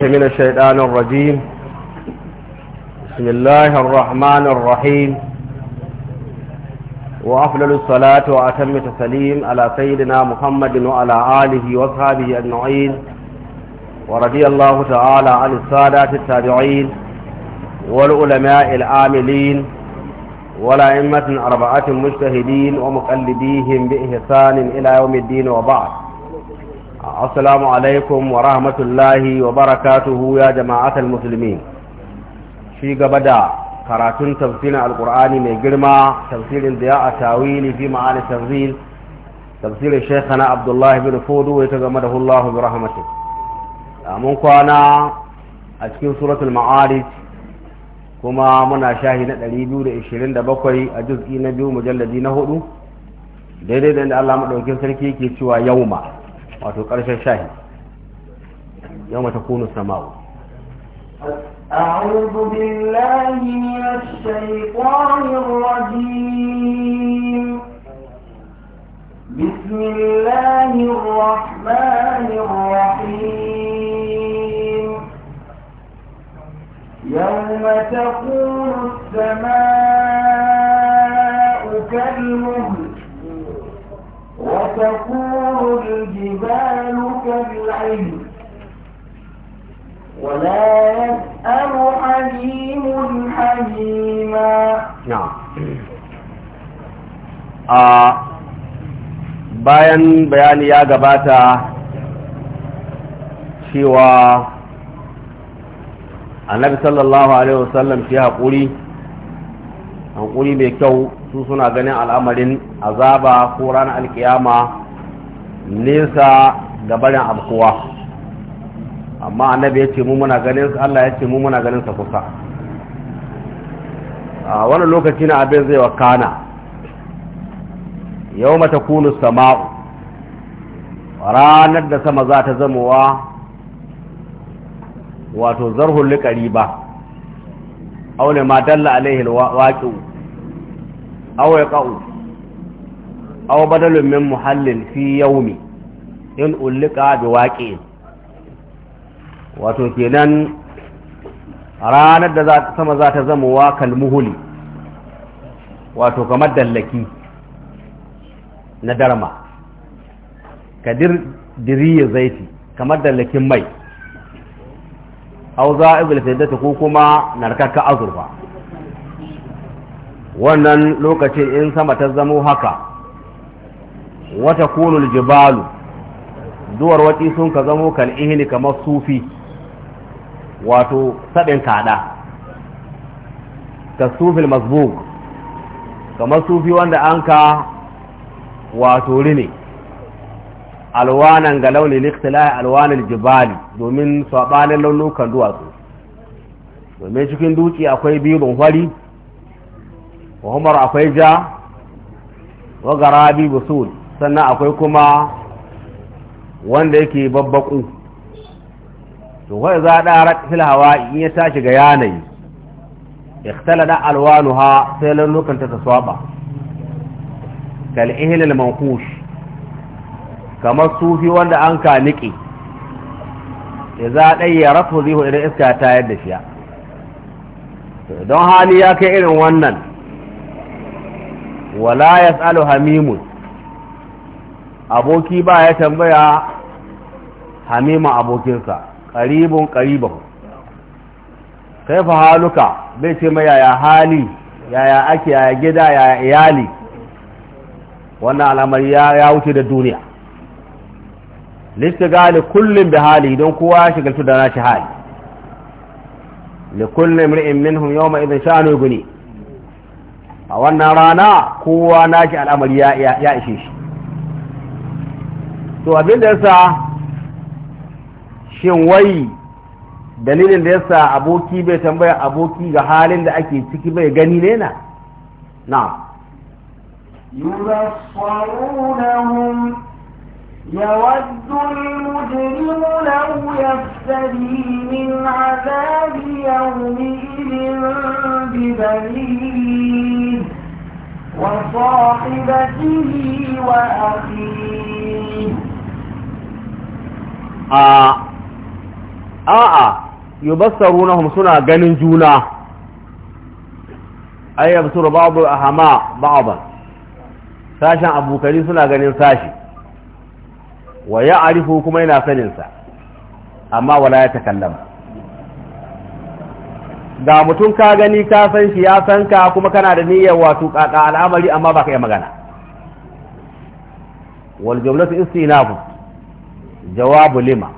من الشيطان الرجيم بسم الله الرحمن الرحيم وأفضل الصلاة وأتم التسليم على سيدنا محمد وعلى آله وصحبه أجمعين ورضي الله تعالى عن السادة التابعين والعلماء العاملين أئمة أربعة مجتهدين ومقلديهم بإحسان إلى يوم الدين وبعد السلام عليكم ورحمة الله وبركاته يا جماعة المسلمين في قبدا قراتون تفسير القرآن من جرمى تفسير ضياء تاويل في معاني التفسير تفسير شيخنا عبد الله بن فودو ويتغمده الله برحمته من كان أتكين سورة المعارج كما منا شاهدنا الريبيو لإشيرين دبقري أجزء نبيو مجلدين هؤلاء daidai da Allah maɗaukin sarki ke cewa yauma wato ƙarshen shahi yau mata kunu أعوذ بالله من الشيطان الرجيم بسم الله الرحمن الرحيم يوم تكون السماء كالمهل وتكون الجبال bayan bayani ya gabata cewa annabi sallallahu alaihi wasallam shi haƙuri haƙuri mai kyau su suna ganin al'amarin azaba ko ranar alƙiyama. nesa ga barin abkuwa amma annabi ya ce mummuna muna ganin sa Allah ya ce mummuna muna ganin sa kusa a wani lokaci na abin zai wakana yau mata kunu sama'u ranar da sama za ta zamowa wato zarhun likari ba aune ma dalla alaihi waƙi aure ƙa'u aw badalun min muhallin fi yaumi in ulika bi waqi'in wato kenan ranar da za ta sama za ta zama wa kalmuhuli wato kamar dallaki na darma diri ya zaiti kamar dallakin mai au za ibul fiddata ko kuma narkarka azurfa wannan lokacin in sama ta zamo haka wata kunul jibalu duwar wati sun ka zamo kal ihli kamar sufi wato sabin kada ka sufil masbuk kamar sufi wanda an ka wato rine alwanan ga launin ikhtilahi alwanin jibali domin sabanin launukan duwatsu domin cikin duki akwai biyu hwari wa akwai ja wa garabi busul sannan akwai kuma wanda yake babbaƙu. to wai za a fil hawa in ya tashi ga yanayi ikhtalada ha sai launukan ta swaba kal ihl al kamar sufi wanda an ka niki idza rasu zihu irin iska ta yadda shiya don hali ya kai irin wannan wala yasalu hamimun aboki ba ya tambaya hamima abokinsa ƙaribin ƙaribahu kai fa haluka bai ce mai yaya hali yaya ake yaya gida yaya iyali wannan al'amari ya wuce da duniya listigali kullum bi hali don kowa ya shigaltu da nashi hali likullum imri'in minhum yawma idan shanu guni a wannan rana kowa nashi al'amari ya ishe shi to abin da yasa shin wai dalilin da yasa aboki bai tambaya aboki ga halin da ake ciki bai gani ne na na'am يبصرونهم يود المجرم لو يفتدي من عذاب يومئذ ببنيه وصاحبته وأخيه a a'a yubassarunahum suna ganin juna ay babu ba'du ahama ba'dan sashen suna ganin sashi wa ya'rifu kuma yana saninsa? sa amma wala ya takallama ga mutum ka gani ka san shi ya san ka kuma kana da niyyar wato kaka al'amari amma baka yi magana wal jumlatu istinafu jawabu lima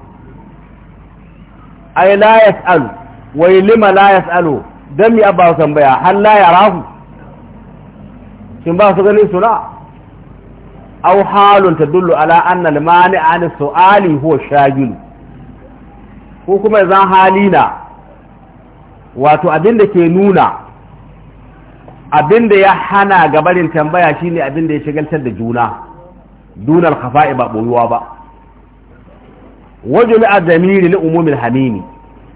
ai la yas'alu wai lima la yas'alu dan mi abba tambaya hal la yarahu shin ba su ganin suna aw halun tadullu ala anna al mani an su'ali huwa shagil ko kuma zan halina wato abin da ke nuna abin da ya hana gabarin tambaya shine abin da ya shigaltar da juna dunar khafa'i ba boyuwa ba wajuli a damiri na umumin hamimi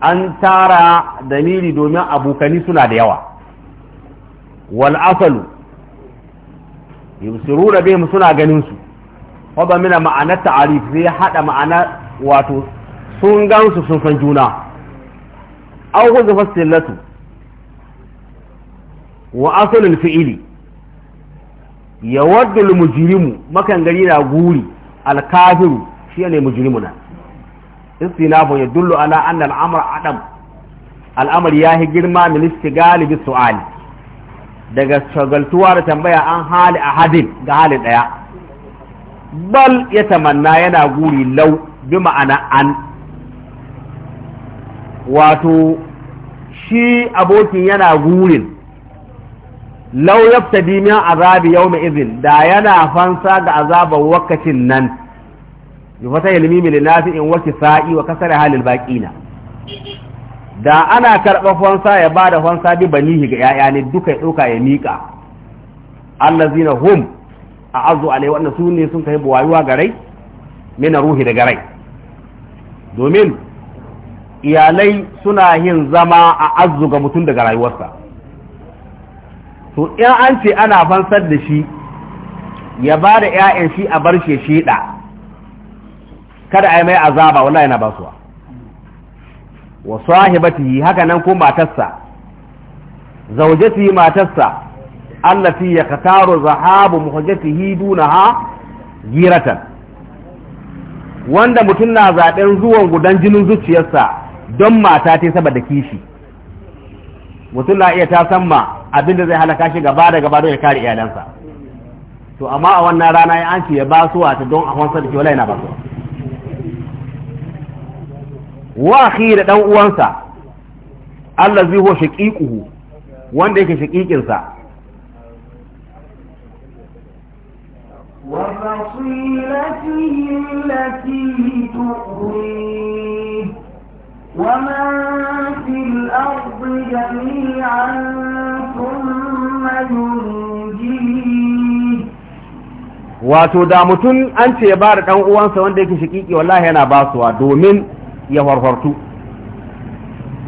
an tara damiri domin abokani suna da yawa wal asalu yusuru da bihim suna ganin su wadda mina ma'anar ta'arif zai hada ma'ana wato sun gansu sun san juna an huwa fasilatu wa asalin fi'ili ya wadda mujrimu makan gari na guri alkafiru shi ne mujrimuna istinafu ya dullu ala anna al'amur adam al'amr ya hi girma min istigali bi su'ali daga shagaltuwa da tambaya an hali a hadin ga hali daya bal ya tamanna yana guri lau bi ma'ana an wato shi abokin yana gurin lau yaftadi min azabi yawma izin da yana fansa ga azabar wakacin nan yufata fata ilmimi li nafi'in wa kisa'i wa kasara halil baqina da ana karɓa fansa ya ba da fansa bi banihi ga ‘ya'ya ne duka ya ɗauka ya miƙa allazina hum a alai wanda su sun kai buwayuwa ga rai na ruhi daga rai domin iyalai suna yin zama a azu ga mutum daga rayuwarsa to in an ce ana fansar da shi ya ba da ‘ya'yan shi a bar shi ya kada a yi mai azaba wallahi yana suwa wa sahibatihi haka nan ko matarsa zaujatihi matarsa allati yaqtaru zahabu muhajjatihi dunaha giratan wanda mutum na zaɓen zuwan gudan jinin zuciyarsa don mata ta saboda kishi mutum na iya ta ma abinda zai halaka shi gaba da gaba don ya kare iyalansa to amma a wannan rana ya an ce ya suwa ta don a wansa da ke wala yana suwa wa akhi da dan uwansa allazi huwa shaqiquhu wanda yake shaqiqin sa wa fasilatihi allati tu'ri wa man fil ardi jami'an thumma yunjihi wato da mutum an ce ya ba da dan uwansa wanda yake shaqiqi wallahi yana basuwa domin ya farfartu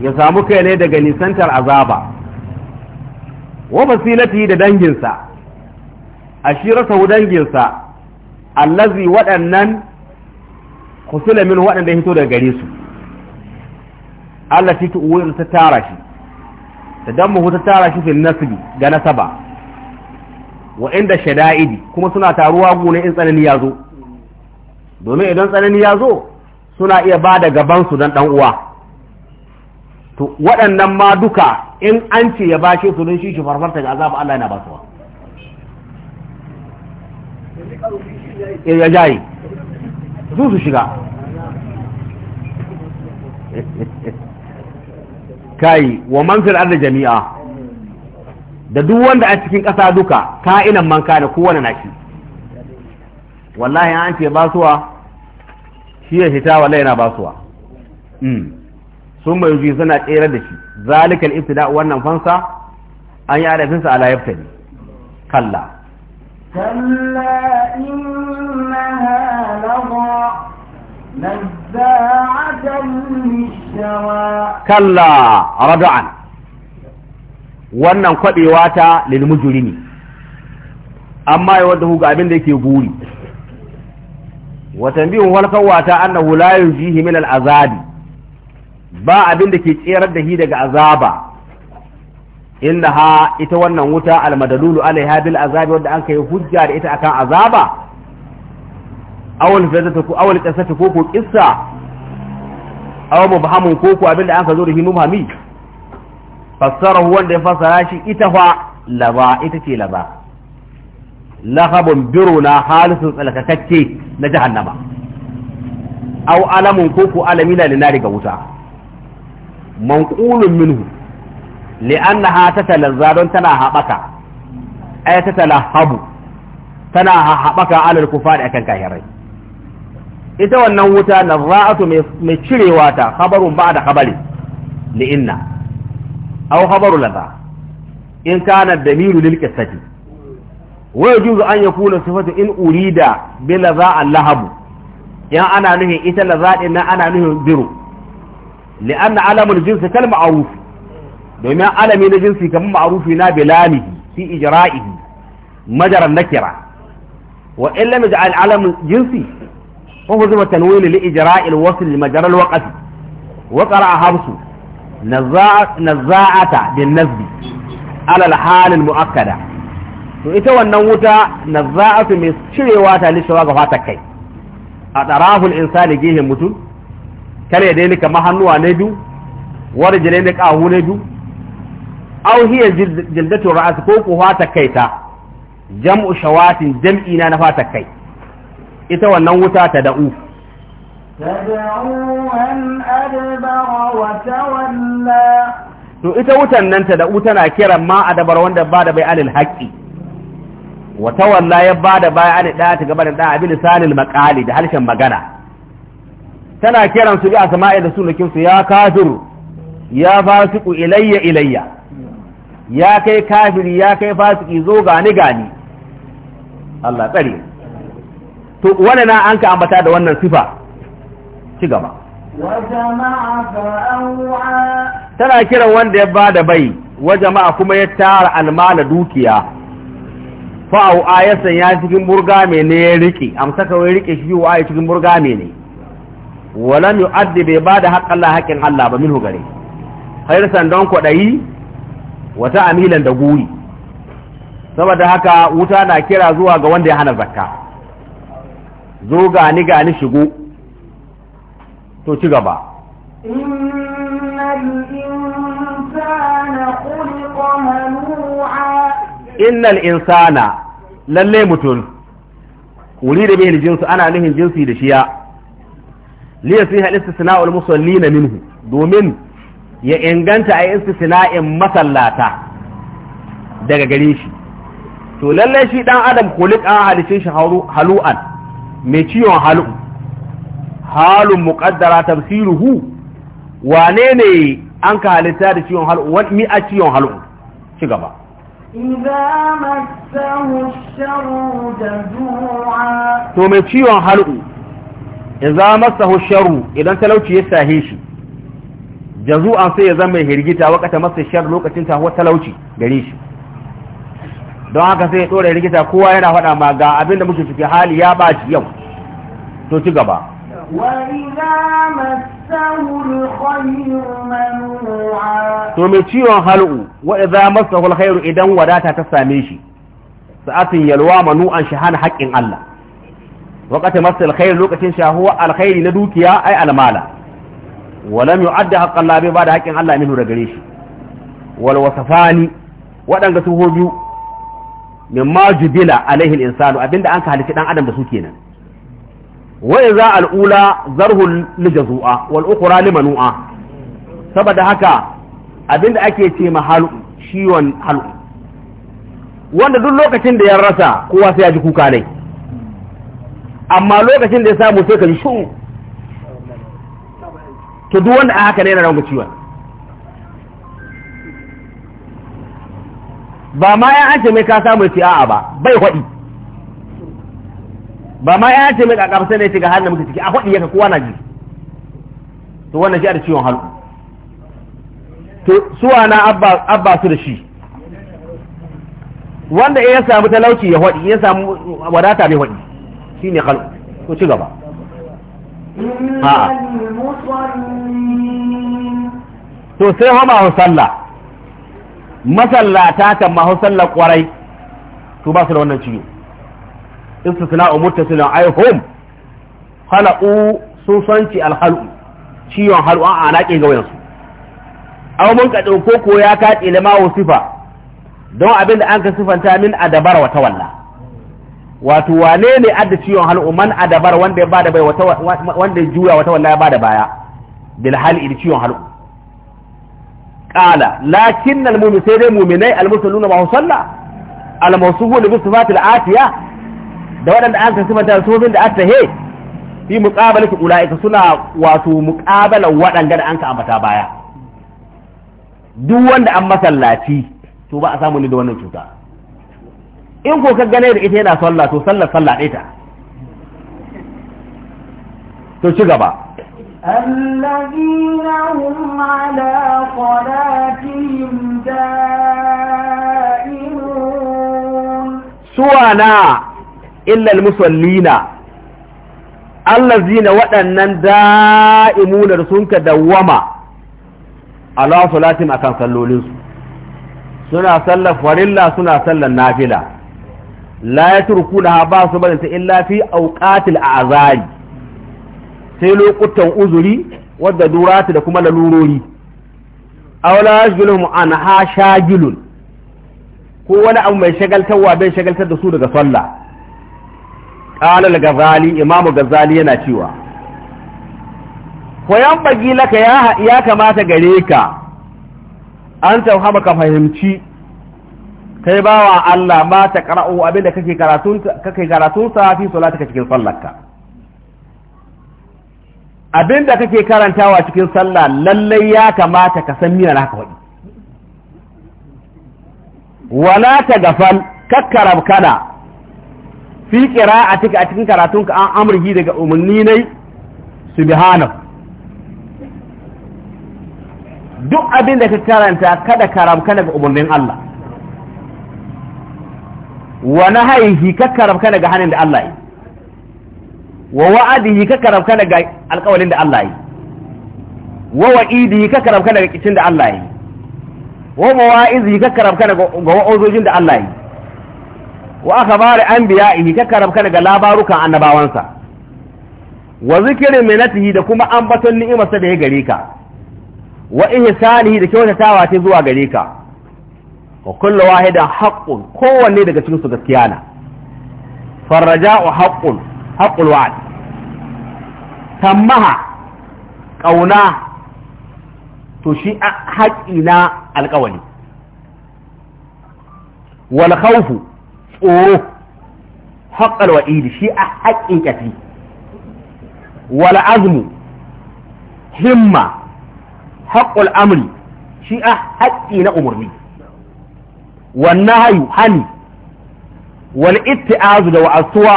ya samu kai ne daga nisantar azaba wa yi da danginsa sau danginsa allazi waɗannan kusula min waɗanda hito daga gare su allati tu'awil ta tara shi ta dammu ta tara shi fil nasbi ga nasaba wa inda shada'idi kuma suna taruwa gune in tsanani ya zo domin idan tsanani ya zo suna iya ba da gabansu don ɗan uwa to waɗannan ma duka in an ce ya bashe su don shi shi farfarta ga azabu Allah yana ba su eh, ya jayi su su shiga kai wa man fil ardi jami'a da duk wanda a cikin ƙasa duka ka'inan man kana kowane na shi wallahi an ce ba suwa shi ya hita wala ba suwa hmm. sun bai suna tsere da shi zalikal ibtida wannan fansa an yi alafinsa ala ne, kalla kalla innaha lawa nazza'atan lishawa kalla rad'an wannan kwadewa ta lil mujrimi amma yawa da ga abin da yake guri wa tanbihun walkawa ta annahu la yujihi min al'azabi ba abinda ke tserar da shi daga azaba inda ha ita wannan wuta almadalulu alaiha bil azabi wanda an kai hujja da ita akan azaba awal fadata ko awal qissata ko ko qissa aw mubhamun ko an ka zo da shi mubhami wanda ya fassara shi ita fa laba ita ce laba na jahannama aw alamun ko ko alami na linari ga wuta manqulun minhu li'annaha tatalazza don tana haɓaka ay tatalahabu tana haɓaka alal kufari akan kafirai ita wannan wuta na ra'atu mai cirewa ta khabarun ba da khabari li'inna aw khabaru lata in kana damiru lil qissati wa yajuzu an yakuna sifatu in urida bi laza allahabu ya ana nuhin ita laza din nan ana nuhin biru li'anna alamul jinsi kal ma'ruf domin alami na jinsi kamar ma'rufi na bilalihi fi ijra'ihi majaran nakira wa in lam yaj'al jinsi fa huwa zuma tanwin li ijra'il bin mu'akkada to ita wannan wuta na fi mai cirewa ta lishawa ga fata kai a tsarahul insani gihin mutum kare da nika mahannuwa na biyu wani jire ne ƙahu na biyu au hiya jildatun ra'asi ko ku fata kai ta jam'u shawatin jam'i na na fata kai ita wannan wuta ta da'u wa to ita wutan nan ta da'u tana kiran ma adabar wanda ba da bai alil haƙƙi. wata walla ya ba da baya an ɗaya ta gaba da ɗaya abin lisanin makali da harshen magana tana kiran su bi asma'i da sunakin su ya kafiru ya fasiku ilayya ilayya ya kai kafiri ya kai fasiki zo gani gani Allah tsare to wani na an ka ambata da wannan sifa ci gaba tana kiran wanda ya ba da bai wa jama'a kuma ya tara almala dukiya fa'au ayasan ya sanya cikin burga mai ne ya rike amsaka wai rike shi wa ya cikin burga mai ne walam yu'addi bai bada haƙƙin Allah haƙƙin Allah ba minhu gare hayar kwaɗayi wata amilan da guri saboda haka wuta na kira zuwa ga wanda ya hana zakka zo gani gani shigo to ci gaba innal insana lalle mutum wuri da bihil jinsu ana nufin jinsi da shiya liya su hal istisna'ul na minhu domin ya inganta a istisna'in masallata daga gare shi to lalle shi dan adam kulik an halicin shi halu'an mai ciwon halu halun muqaddara tafsiruhu wane ne an ka halitta da ciwon halu wani a ciwon halu ci gaba to mai ciwon za idza masa sharu idan talauci ya sahe shi an sai ya zama mai hirgita wakata masa shar lokacin ta huwa talauci gare shi don haka sai ya dora rigita kowa yana faɗa ma ga abinda muke ciki hali ya baci yau to ci gaba wa masa. to mai ciwon hal'u wa idza alkhairu idan wadata ta same shi sa'atin yalwa manu'an hana haƙƙin Allah wakati masal alkhairu lokacin shahuwa alkhairi na dukiya ai almala wa lam yu'adda haqqan la bi haƙƙin Allah minhu da gare shi wal wasafani waɗanga su hoju min ma jubila alaihi insanu abinda an ka halitta dan adam da su kenan وإذا الأولى ذره لجزوء والأخرى Limanu'a? saboda haka abin da ake ce ma halu ciwon halu wanda duk lokacin da ya rasa kowa sai ya ji kuka ne amma lokacin da ya samu sai ka ji shu to duk wanda a haka ne yana rawa ciwon ba ma ya ake mai ka samu ya ce a'a ba bai kwaɗi. ba ma ya ce mai kakaf sai da ya ce ga halin muke ciki a faɗi yaka kowa na ji to wannan shi a da ciwon halu to suwa na abba su da shi wanda ya samu talauci ya faɗi ya samu wadata mai faɗi shi ne halu to ci gaba to sai hama hau sallah masallata kan ma hau sallah kwarai to ba su da wannan ciwo istisna'u muttasilun ai hum khala'u sun sanci alhalu ciwon halu an alaƙe ga wayansu aw mun ka dauko ko ya ka ma wasifa don abin da an ka sifanta min adabar wa tawalla wato wane ne adda ciwon halu man adabar wanda ya bada bai wanda ya juya wata tawalla ya bada baya bil hali ciwon halu قال لكن المؤمن سيد المؤمنين المسلمون ما هو صلى الموصوف بصفات الآتية da waɗanda an kasu mata sufin da atta he fi muqabalati ulaika suna wato muqabala waɗanda da an ka ambata baya duk wanda an masallaci to ba a samu ni da wannan cuta in ko ka gane da ita yana sallah to sallar sallah ɗaya ta to ci gaba الذين هم على صلاتهم دائمون سوانا illal musallina zina waɗannan da'imunar sun ka dawwama ala a akan sallolinsu suna sallar farilla suna sallar nafila la ya turku na ba su barinta illa fi auqatil azari sai lokutan uzuri wadda durata da kuma lalurori aula yashghiluhum an ha shagilun ko wani abu mai shagaltarwa bai shagaltar da su daga sallah ƙalal gazali imamu gazali yana cewa koyan bagi laka ya kamata gare ka an tauhama ka fahimci kai bawa Allah ma ta qara'u abinda kake karatun kake karatun sa fi salatuka cikin sallarka abinda kake karantawa cikin sallah lalle ya kamata ka san na haka wadi wala ta gafal kakkarab kana fi kira a cikin karatunka an amurhi daga umarni ne subhanahu duk abin da ka karanta kada karamka daga umarnin Allah wa haihi ka karamka daga hannun da Allah yi wa wa'adihi ka karamka daga alƙawalin da Allah yi wa wa'idihi ka karamka daga kicin da Allah yi wa mawa'izi ka karamka daga wa'ozojin da Allah yi wa an akhbari yi ta karamka daga labarukan annabawansa wa mai minatihi da kuma ambaton ni'imarsa da ya gare ka wa ihsanihi da kyautatawa ta zuwa gare ka wa kullu wahidan haqqun kowanne daga cikin su gaskiya na farraja'u haqqun haqqul wa'd tammaha kauna to shi haƙƙi na alƙawali wal khawfu tsoro haƙar wa'idi shi a haƙƙin ƙafi wal azmu himma haƙƙul amri shi a haƙƙi na umarni wannan hayu hani wal itti'azu da wa'azuwa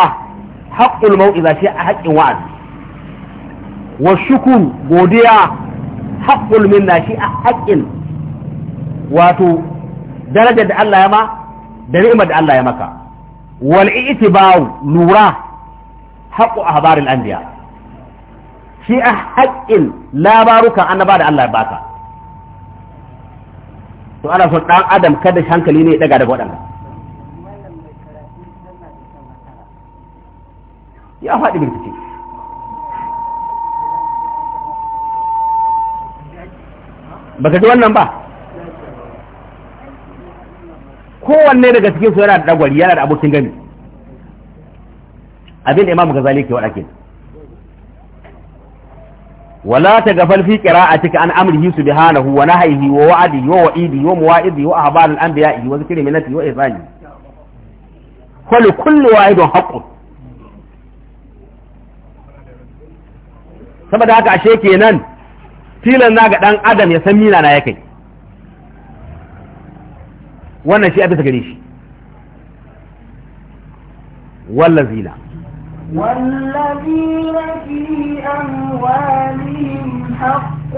haƙƙul mau'iza shi a haƙƙin wa'azi wa shukuru godiya haƙƙul minna shi a haƙƙin wato darajar da Allah ya ma da ni'imar da Allah ya maka wal i'tibau lura haqqu ahbaril anbiya shi a haƙƙin labarukan annaba da Allah ya baka to ana son dan adam kada hankali ne ya daga daga waɗannan ya faɗi bincike baka ji wannan ba kowanne daga cikin su yana da dagwari yana da abokin gami abin da imamu gazali ke wadakin wala ta gafal fi ka an amrihi subhanahu wa nahyihi wa wa'adi wa wa'idi wa muwa'idi wa ahbar al anbiya wa zikri minati wa ihsani kullu kullu wa'idun haqqun saboda haka ashe kenan filan na ga dan adam ya san mina na yake wannan shi a bisa gare shi wallazina والذين في أموالهم حق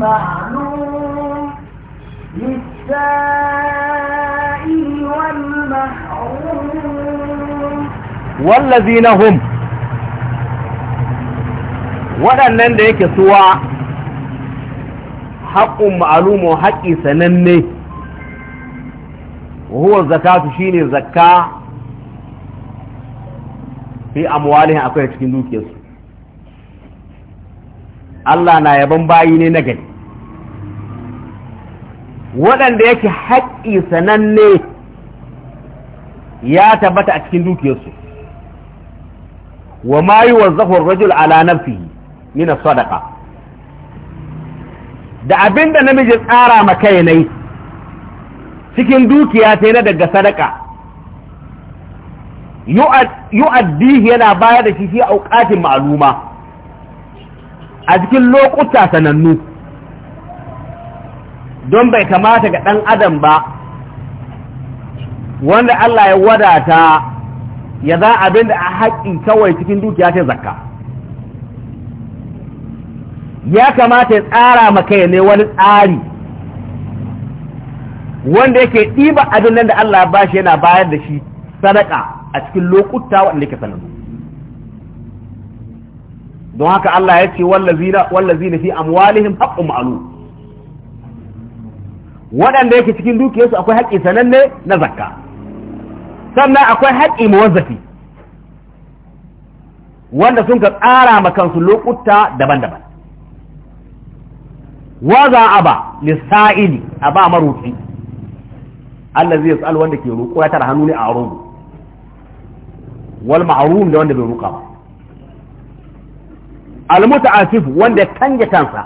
معلوم للسائل والمحروم والذين هم waɗannan da yake suwa haƙƙun ma'alumu haƙƙi sananne huwa zakatu shine zakka fi amwalihim akwai cikin dukiyarsu Allah na yaban bayi ne na gari waɗanda yake haƙƙi sananne ya tabbata a cikin dukiyarsu wa ma yi wazzafin rajul ala nafsihi min sadaqa da abinda namiji tsara maka yanai cikin dukiya ta na daga sadaka yu'addihi yana bayar da shi a auqatin ma'luma a cikin lokuta sanannu don bai kamata ga ɗan adam ba wanda Allah ya wadata ya za abin da a haƙƙin kawai cikin dukiya ta zakka ya kamata ya tsara maka ne wani tsari wanda yake ɗiba abin nan da Allah ba shi yana bayar da shi sadaka a cikin lokuta wanda yake sanannu don haka Allah ya ce wallazina wallazina fi amwalihim haqqun ma'lum waɗanda yake cikin dukiyarsu akwai haƙƙi sananne na zakka sannan akwai haƙƙi muwazzafi wanda sun ka tsara ma kansu lokuta daban-daban wa za a ba lissa'ili a ba marufi Allah zai yas'al wanda ke roƙo ya tara hannu ne a aron wal ma'rum da wanda bai roƙa ba al muta'assif wanda kange kansa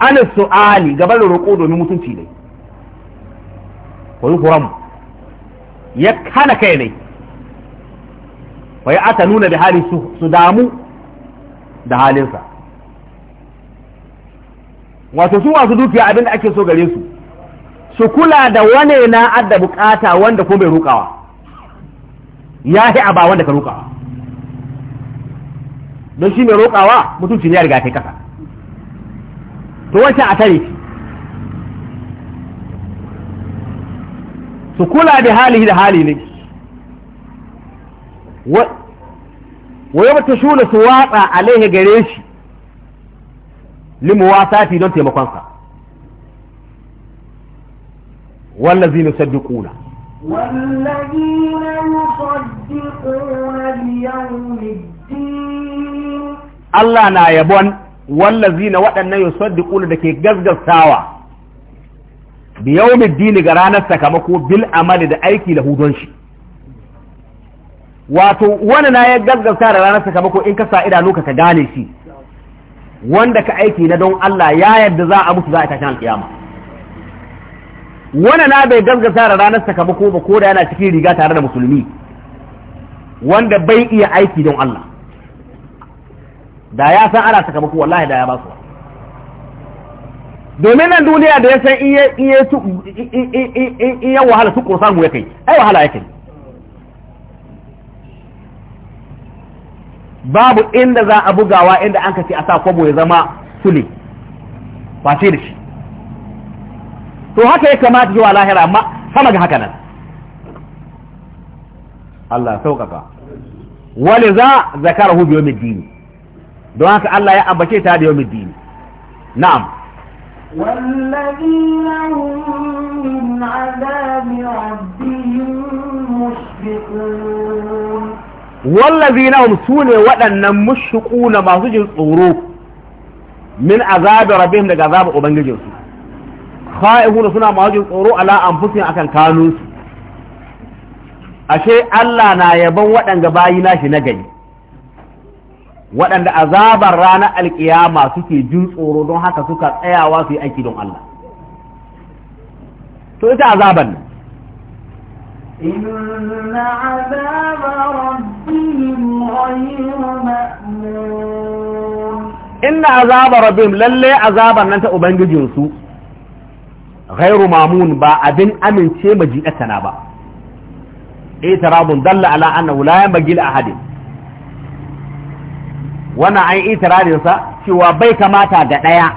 an su'ali gaban roƙo domin mutunci ne wani kuram ya kana kai ne wa ya ata nuna da hali su damu da halinsa wato su masu dukiya abinda ake so gare su su kula da wane na adda bukata wanda ko bai rukawa ya fi aba wanda ka rukawa don shi mai rukawa mutunci ne ya riga kai kasa to wancan a tare su kula da hali da hali ne wa yau ta shula su watsa alaihi gare shi limuwa sati don taimakonsa والذين يصدقون والذين يصدقون بيوم الدين الله نا يبون والذين ودنا يصدقون دكي غزغزتاوا بيوم الدين غرانا سكمكو بالعمل da aiki lahu don shi wato wani na ya gaggauta da ranar sakamako in ka sa idanu ka ka gane shi wanda ka aiki na don Allah ya yadda za a mutu za a tashin alƙiyama wani na bai gaskata da ranar sakamako ba ko da yana cikin riga tare da musulmi wanda bai iya aiki don Allah da ya san ana sakamako wallahi da ya ba su domin nan duniya da ya san iya wahala su ko samu ya kai ai wahala ya kai babu inda za a bugawa inda an ka a sa kwabo ya zama sule face da shi to haka ya kamata zuwa lahira amma sama ga haka nan Allah sauƙaƙa waliza za zakarahu bi yawmin dini don haka Allah ya ambace ta da yawmin dini na'am والذين هم من عذاب ربهم مشفقون والذين هم سوني ودنا مشقون ما سجن صورو من عذاب ربهم لك عذاب أبنجي جنسو kha'ifuna suna majin tsoro ala anfusihim akan kanunsu ashe Allah na yaban waɗanda bayi nashi na gari waɗanda azabar ranar alkiyama suke jin tsoro don haka suka tsayawa su yi aiki don Allah to ita azabar nan إن عذاب ربهم غير ghairu mamun ba abin amince maji'atana ba itirabun dalla ala annahu la yanbaghi li ahadin wannan an itirarin sa cewa bai kamata ga ɗaya.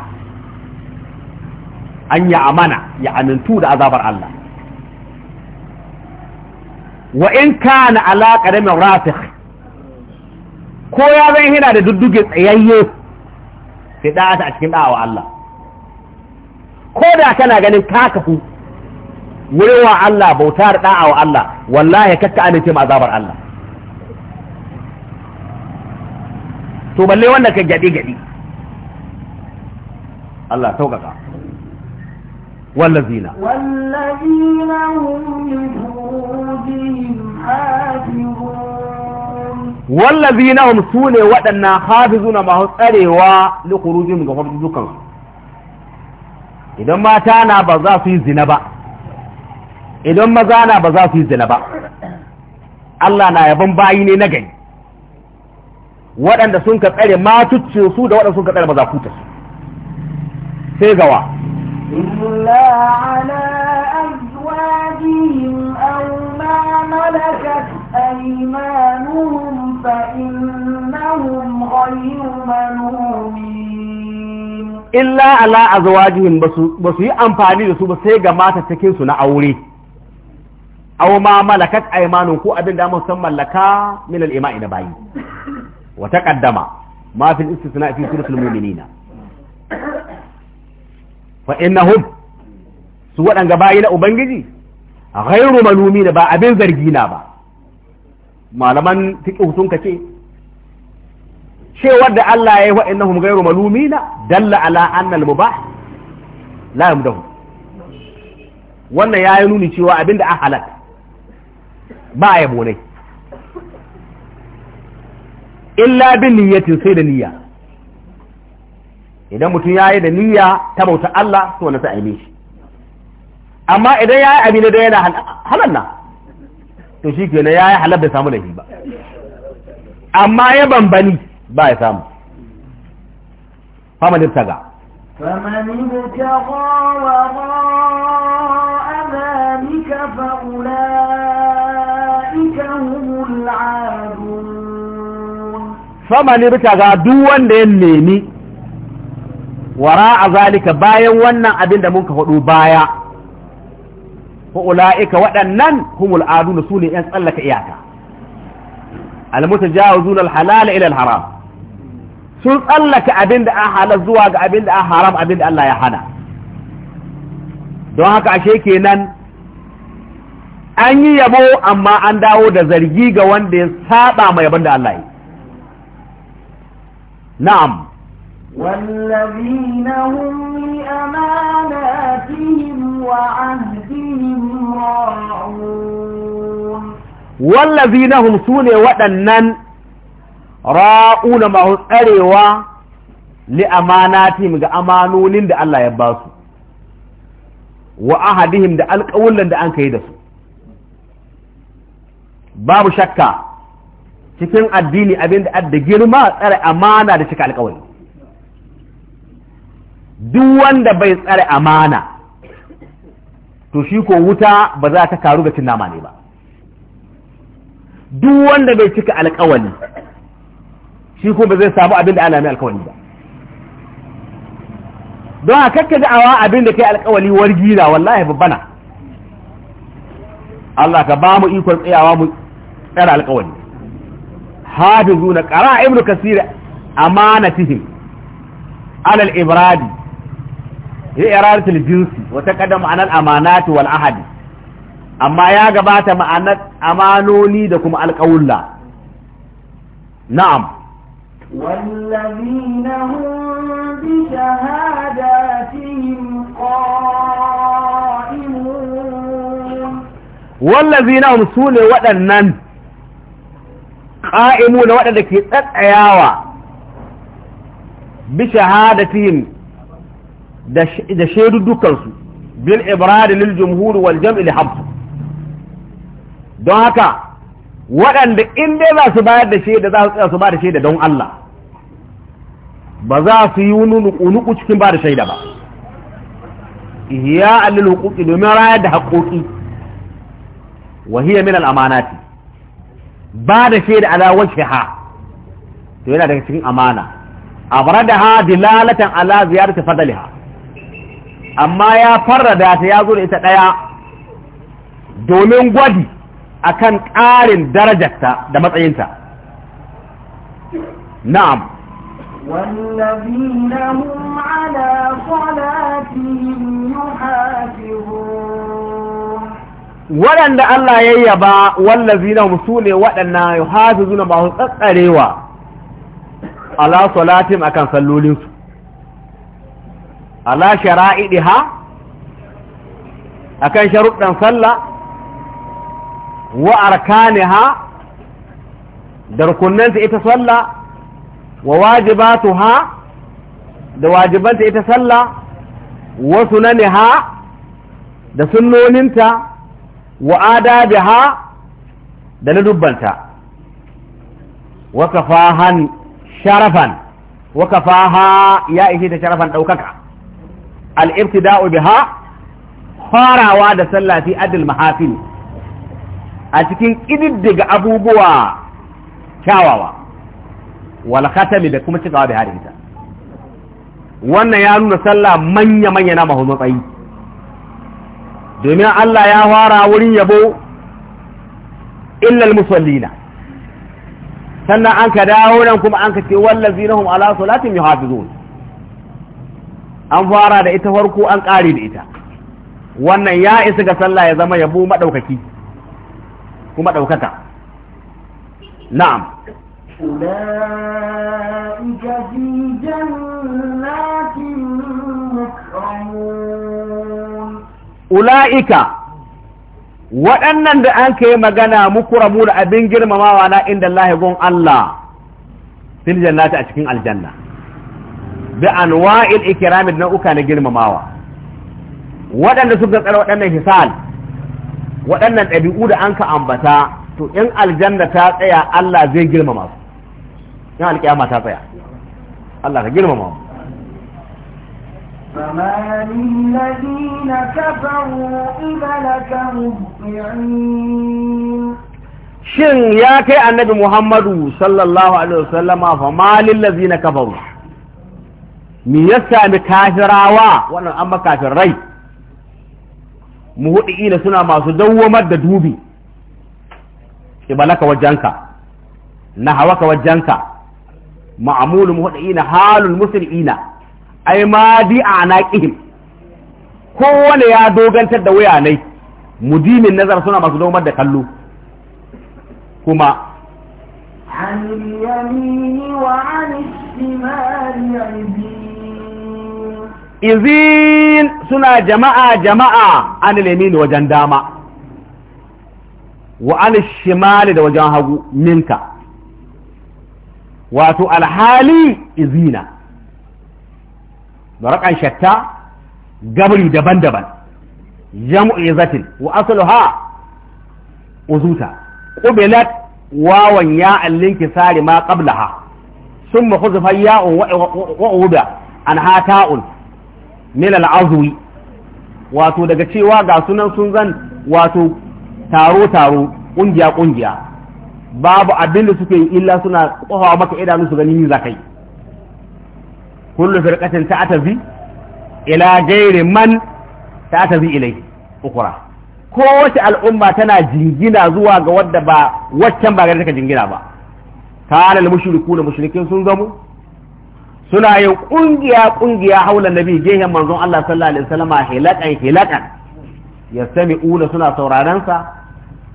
an ya amana ya amintu da azabar Allah wa in kana ala qadamin rasikh ko ya zan hina da dudduge tsayayye sai da a cikin da'awa Allah ko da kana ganin ka kafu wurin wa Allah bautar da'a wa Allah wallahi kakka amince ma azabar Allah to balle wannan ka gadi gadi Allah sauƙaƙa wallazina wallazina hum li furujihim hafizun wallazina hum sune waɗannan hafizuna ma tsarewa li furujihim ga fardukan idan mata na ba za su yi zina ba idan maza na ba za su yi zina ba Allah na yabon bayi ne na gani waɗanda sun ka tsare matuccin su da waɗanda sun ka tsare mazakuta su sai gawa إلا على أزواجهم أو ما ملكت أيمانهم فإنهم غير ملومين illa ala azwajihim ba su yi amfani da su ba sai ga mata cikin su na aure aw ma malakat aymanun ko abin da musan mallaka min al ima'i da bayi wa taqaddama ma fi istisna fi suratul mu'minina fa innahum su waɗanga bayi na ubangiji ghairu malumi da ba abin zargi na ba malaman fiqh ka ce. cewar da Allah ya yi wa'annahum ghayru malumina dalla ala anna al-mubah la yamdahu wannan ya yi nuni cewa abinda a halal ba a ya bonai illa bin niyyatin sai da niyya idan mutum ya yi da niyya ta bauta Allah to na sa aime shi amma idan ya yi abin da yana halal na to shi kenan ya yi halal da samu da ba amma ya bambani باي سام فما نبتغى فمن ابتغى وراء ذلك فأولئك هم العادون فمن ابتغى دوان لنيني وراء ذلك باي وانا ابن دمونك فقلوا بايا فأولئك وأنن هم العادون سوني أنس ألك إياك المتجاوزون الحلال إلى الحرام sun tsallaka abin da an halar zuwa ga abin da an haram abin da Allah ya hana don haka ashe kenan an yi yabo amma an dawo da zargi ga wanda ya saba mai yabon da Allah yi na'am والذين هم لأماناتهم وعهدهم راعون والذين هم سوني waɗannan. ra'una mahu tsarewa li amanatihim ga amanonin da Allah ya ba su wa ahadihim da alƙawullan da an kai da su babu shakka cikin addini abin da adda girma tsare amana da cika alƙawari duk wanda bai tsare amana to shi ko wuta ba za ta karu ga cin nama ne ba duk wanda bai cika alƙawari shi kuma zai samu abin da ana mai alkawali ba don a kakka da'awa abin da kai alkawari wargi na wallahi babbana Allah ka ba mu ikon tsayawa mu tsara alkawali hafizu na qara ibnu kasira amanatihim ala al-ibrad ya iradat al-jinsi wa taqaddama ala al-amanat wal ahadi amma ya gabata ma'anar amanoni da kuma alƙawulla na'am والذين هم بشهاداتهم قائمون والذين هم سولي ودنن قائمون ودنن كي تتعياوا بشهادتهم da shaidu dukansu bil ibradi lil jumhur wal jam'i li don haka waɗanda in dai za su bayar da shaida za su tsaya su ba da shaida don Allah ba za su yi nuku cikin ba da shaida ba ya alil hukuki domin rayar da haƙoƙi wa hiya min amanati ba da shaida ala ha, to yana daga cikin amana A abradaha dilalatan ala ziyarati fadaliha amma ya da ta ya zo da ita ɗaya. domin gwadi akan ƙarin darajarta da matsayinta na'am والذين هم على صلاتهم يحافظون waɗanda Allah ya yaba wallazi na musu ne waɗanda ya ba su tsakarewa ala salatim a kan sallolinsu ala shara'idi ha a kan sharuɗan salla wa arkani ha darkunanta ita salla wa ha da wajibanta ita sallah wa ha da sunnoninta wa ha da ladubbanta wa fahan sharafan wa kafaha ya ishe ta sharafan ɗaukaka. al-ibtida'u biha farawa da sallah fi adil mahafil a cikin ƙididdiga abubuwa kyawawa wal khatami da kuma cikawa bai harin ta wannan ya nuna sallah manya manya na mahu matsayi domin Allah ya fara wurin yabo illal musallina sannan an ka dawo nan kuma an ka ce wallazi nahum ala salatin yuhafizun an fara da ita farko an kare da ita wannan ya isa ga sallah ya zama yabo madaukaki kuma daukaka na'am أولئك في جنات مكرمون أولئك waɗannan da an ka yi magana muku rabu da abin girmamawa na inda Allah gon Allah fil jannati a cikin aljanna bi anwa'il ikiramid na uka na girmamawa waɗanda suka tsara waɗannan hisal waɗannan ɗabi'u da an ka ambata to in aljanna ta tsaya Allah zai girmama su in alƙiyama ta tsaya Allah ka girmama mu shin ya kai annabi Muhammadu sallallahu alaihi wasallama fa malil ladzina kafaru mi ya sami kafirawa wannan an makafir rai muhudiina suna masu dawwamar da dubi ibalaka na nahawaka wajenka. ma'amul muhdina halul muslimina ai ma di anaqihim kowane ya dogantar da waya nai mudimin nazar suna masu dogmar da kallo kuma عن izin suna jama'a jama'a anil yamin wajen dama wa an shimali da wajen hagu minka wato alhali izina maraƙan shatta gabri daban-daban jam'u izatin wa asluha uzuta ƙubilat wawan ya allinki sari ma qablaha ثم حذف ياء وعودا عنها تاء min العضو wato daga cewa ga sunan sun zan wato taro taro ƙungiya-ƙungiya. babu abin da suke yi illa suna kofawa maka idanu su gani ni za kai kullu firqatin ta'tazi ila ghairi man ta'tazi ilai ukura ko kowace al'umma tana jingina zuwa ga wadda ba waccan ba gare take jingina ba kana al mushrikuna mushrikin sun gamu suna yin kungiya kungiya haula nabi gehen manzon Allah sallallahu alaihi wasallam hilakan hilakan yastami'una suna sauraron sa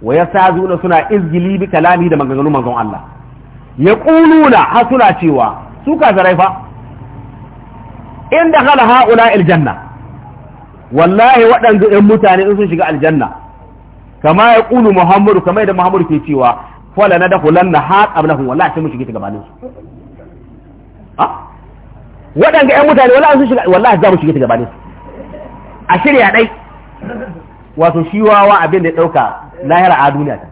wa yasazuna suna izgili bi kalami da maganganun manzon Allah ya yaquluna har suna cewa su ka kafirai fa in dakhala haula aljanna wallahi waɗanda ɗan mutane sun shiga aljanna kama ya ƙulu muhammadu kama da muhammadu ke cewa fala na dakulan na ha qablahum wallahi sai mun shige ta gabanin su waɗanda ɗan mutane wallahi sun shiga wallahi za mu shige ta gabanin su a shirya ɗai. wato shi wawa abin da dauka lahira a duniya ta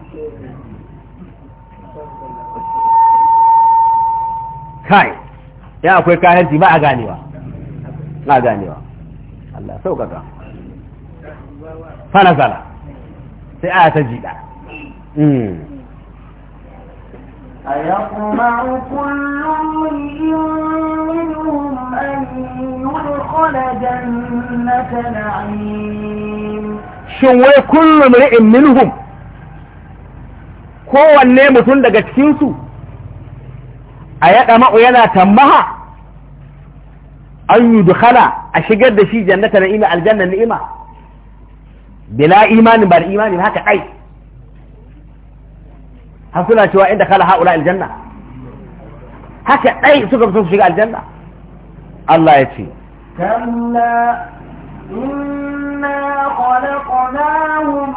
kai ya akwai kayanci ba a ganewa na ganewa Allah saukaka fana zala sai a ta jiɗa أيطمع كل منهم أن يدخل جنة نعيم shin wai kullu mri'in minhum kowanne mutum daga cikinsu a yaɗa ma'u yana tambaha an yi dukhala a shigar da shi jannata na'ima aljanna ni'ima bila imani ba da imani haka kai har suna cewa inda kala haula aljanna haka kai suka fi su shiga aljanna Allah ya ce kalla إنا خلقناهم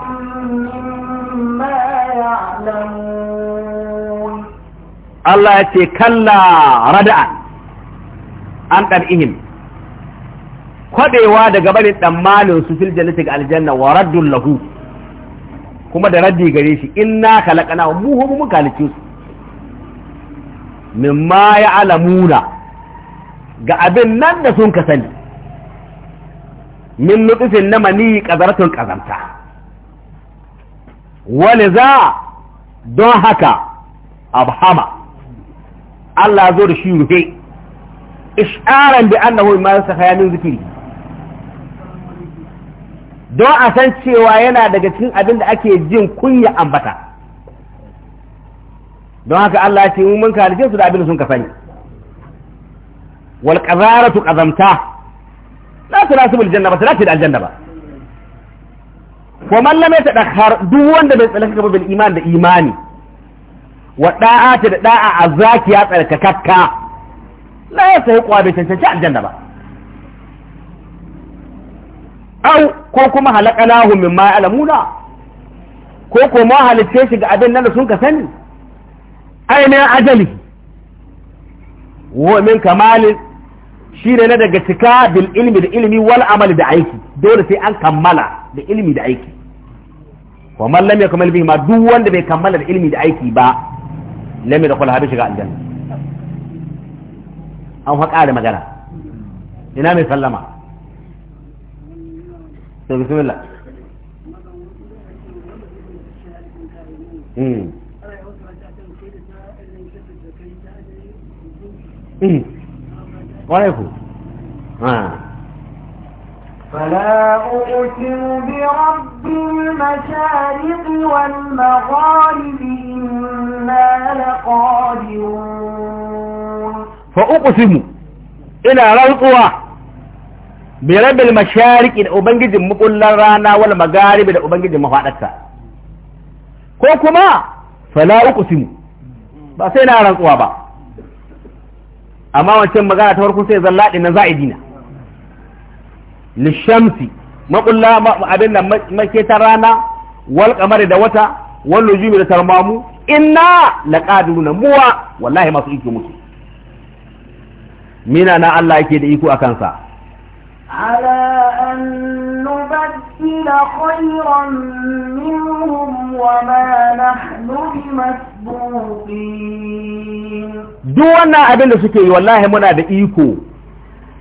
مما يعلمون الله يتي ردعا عن daga barin tsammanin su fil jannati ga aljanna wa raddun lahu kuma da raddi gare shi inna khalaqana wa muhu mu halicci su Min ma ya alamuna. ga abin nan da sun ka sani min نطف na mani ƙazaratun ƙazanta wani za don haka زور Allah zo da shi rufe isharan bi annahu ma min don a san cewa yana daga cikin abin da ake jin kunya ambata don haka Allah ce mun kalje su da abin sun ka sani wal qazaratu qazamta la tunasibul janna ba ta dace da aljanna ba wa man lam yatadakhkhar duk wanda bai tsalaka bil iman da imani wa da'ati da da'a azakiya tsalkakakka la yasahiqu bi tantance aljanna ba au ko kuma halaqalahu mimma ya'lamuna ko ko ma halitta shi ga abin nan da sun ka sani ainihin ajali kamalin shine na daga cika bil ilmi da ilmi wal amali da aiki dole sai an kammala da ilmi da aiki wa man lam yakmal bihi ma duk wanda bai kammala da ilmi da aiki ba lam yadkhul habi shiga aljanna an fa ƙara magana ina mai sallama to bismillah Mm. kwarai ku فلا أقسم برب المشارق والمغارب إنا لقادرون فأقسم إلى رنقوة برب المشارق إن أبنجد مقل رانا والمغارب إن أبنجد مفعدتها كوكما فلا أقسم بس إلى رنقوة بقى amma wancan magana ta farko sai zalla din nan za'idina lishamsi maƙulla abin nan ta rana wal qamari da wata wal lujumi da tarmamu inna laqadiruna muwa wallahi masu iko mutu. mina na Allah yake da iko akan sa على أن نبدل خيرا منهم وما نحن بمسبوقين duk wannan abin da suke yi wallahi muna da iko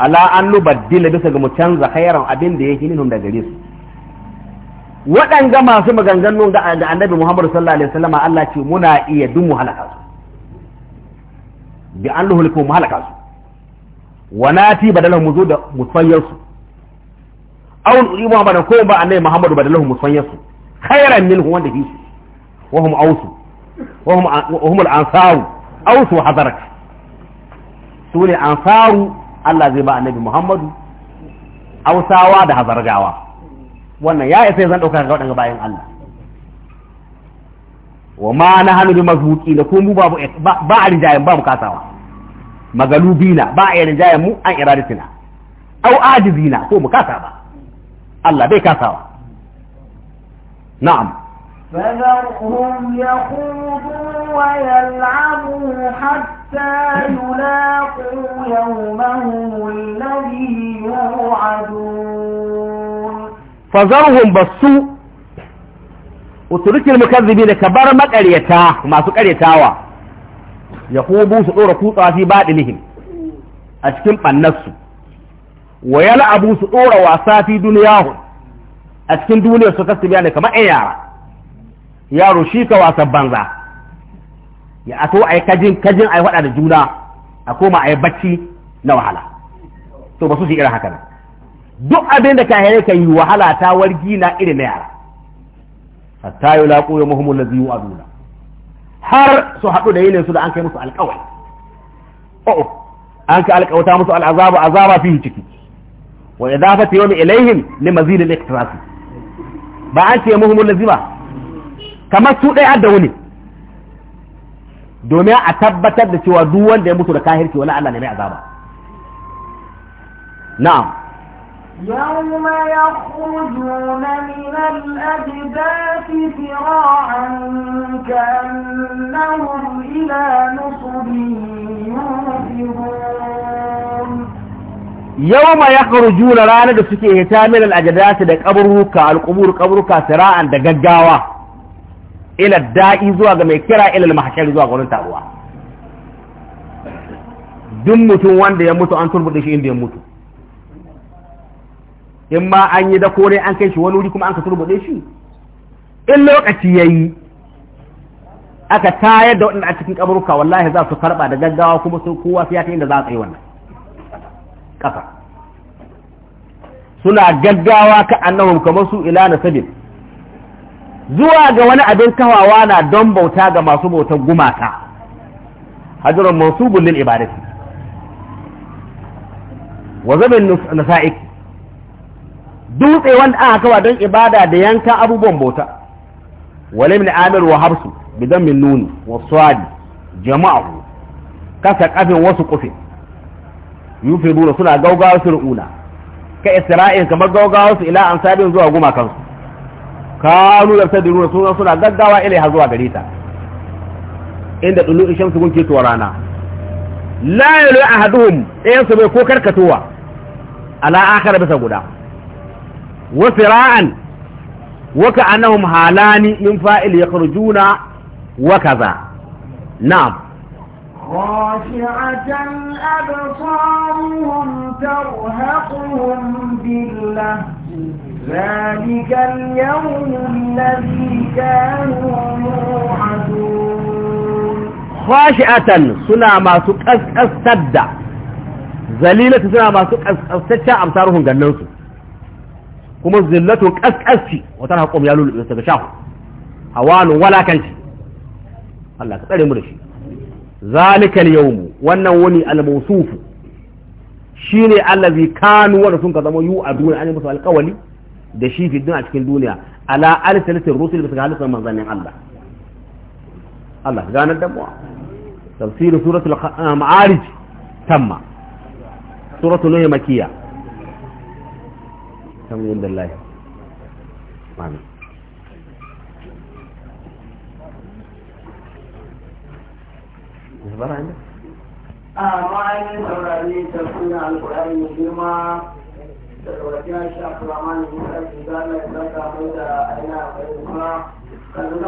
ala an nubaddila bisa ga mu canza khairan abin da su waɗanga masu maganganu da annabi Muhammad sallallahu alaihi wasallam Allah ce muna iya dumu halaka su bi an luhulku mu halaka su wa nati badalahu mu da musanyar su aw nuri muhammadan ko ba annabi muhammadu badalahu musanyar su khairan minhu wanda fi su wa hum ausu wa hum wa hum al-ansaru ausu wa hadarak su ansaru Allah zai ba annabi muhammadu ausawa da hazargawa wannan ya isa zan dauka ga wadanga bayan Allah wa ma nahanu bi mazhuqi da ko mu babu ba a rijayen ba mu kasawa مغلوبين با يرجا إيه مو ان ارادتنا او عاجزين كو مكاسا با الله بي كاسا نعم فذرهم يخوضوا ويلعبوا حتى يلاقوا يومهم الذي يوعدون فذرهم بسوء وتركي المكذبين كبار مكاريتا ما سكاريتاوا ya hudu su ɗora kutsa fi baɗilihim a cikin ɓannarsu wa abu su ɗora wasa fi duniyahu a cikin duniyar su kasu biya ne kamar ɗan yara yaro shi ka wasan banza ya ato a yi kajin kajin a yi faɗa da juna a koma a yi bacci na wahala to ba su shi irin haka nan duk abin da kahirai kan yi wahala ta wargi na irin na yara hatta yulaqu yawmahum allazi yu'aduna har su haɗu da yinin su da an kai musu alƙawari o'o oh, an ka ta musu al'azaba azaba fi ciki wa ya idafati yawmi ilaihim li ne al-iqtirasi ba an ce muhimmin ziba? kamar su ɗaya da wuni domin a tabbatar da cewa duk wanda ya mutu da kahirci wani Allah ne mai azaba na'am يوم يخرجون من الأجداث فراعا كأنهم إلى نصب يوم يخرجون رانا دسكي يتامل الأجداس دا قبروكا القبور قبروكا سراعا دا قجاوا إلى الدائي زواغ ميكرا إلى المحشر زواغ ولن تأوا دمتوا وان دي يموتوا أنتم بديش إن دي يموتوا in ma an yi da kore an kai shi wani wuri kuma an ka turbuɗe shi in lokaci ya yi aka tayar da waɗanda a cikin kaburuka wallahi za su karɓa da gaggawa kuma sun kowa su yata inda za a yi wannan ƙasa suna gaggawa ka annahum kamar su ila na sabin zuwa ga wani abin kawawa na don bauta ga masu bautar gumaka hajjarun mansubun lil ibadati wa zamin nasa'ik dutse wanda aka kawa don ibada da yanka abubuwan bauta wale min amir wa habsu bidan min nuni wa swadi jama'u kasa kafin wasu kufi yufiruna suna gaugawa ru'una ka isra'il kamar gaugawa su ila ansabin zuwa gumakansu kanu da sadiruna suna suna gaggawa ilaiha zuwa gare ta inda dulu su gunke ketuwa rana la yalu ahaduhum ɗayan su bai ko karkatowa ala akhar bisa guda وسراعا وكأنهم هالان من فائل يخرجون وكذا نعم خاشعة أبصارهم ترهقهم بالله ذلك اليوم الذي كانوا يوعدون خاشعة سنا ما سكس أستدى ذليلة سنا ما سكس أستدى أبصارهم جنوسهم kuma zillatu kaskasci wata haƙom ya lulluɓe daga shahu hawanun walakanci Allah ka tsare mu da shi zalikal yawmu wannan wani al-mawsufu shine allazi kanu wa sun ka zama yu aduna an musu alƙawali da shi fi a cikin duniya ala alsalatir rusul bisa halittar manzannin Allah Allah ganar da mu tafsir suratul ah, ma'arij tamma suratul nuh makiyya alhamdulillah amin Bara inda? A saurari mai girma da wajen shafi ramani musa da zaka mai da aina kuma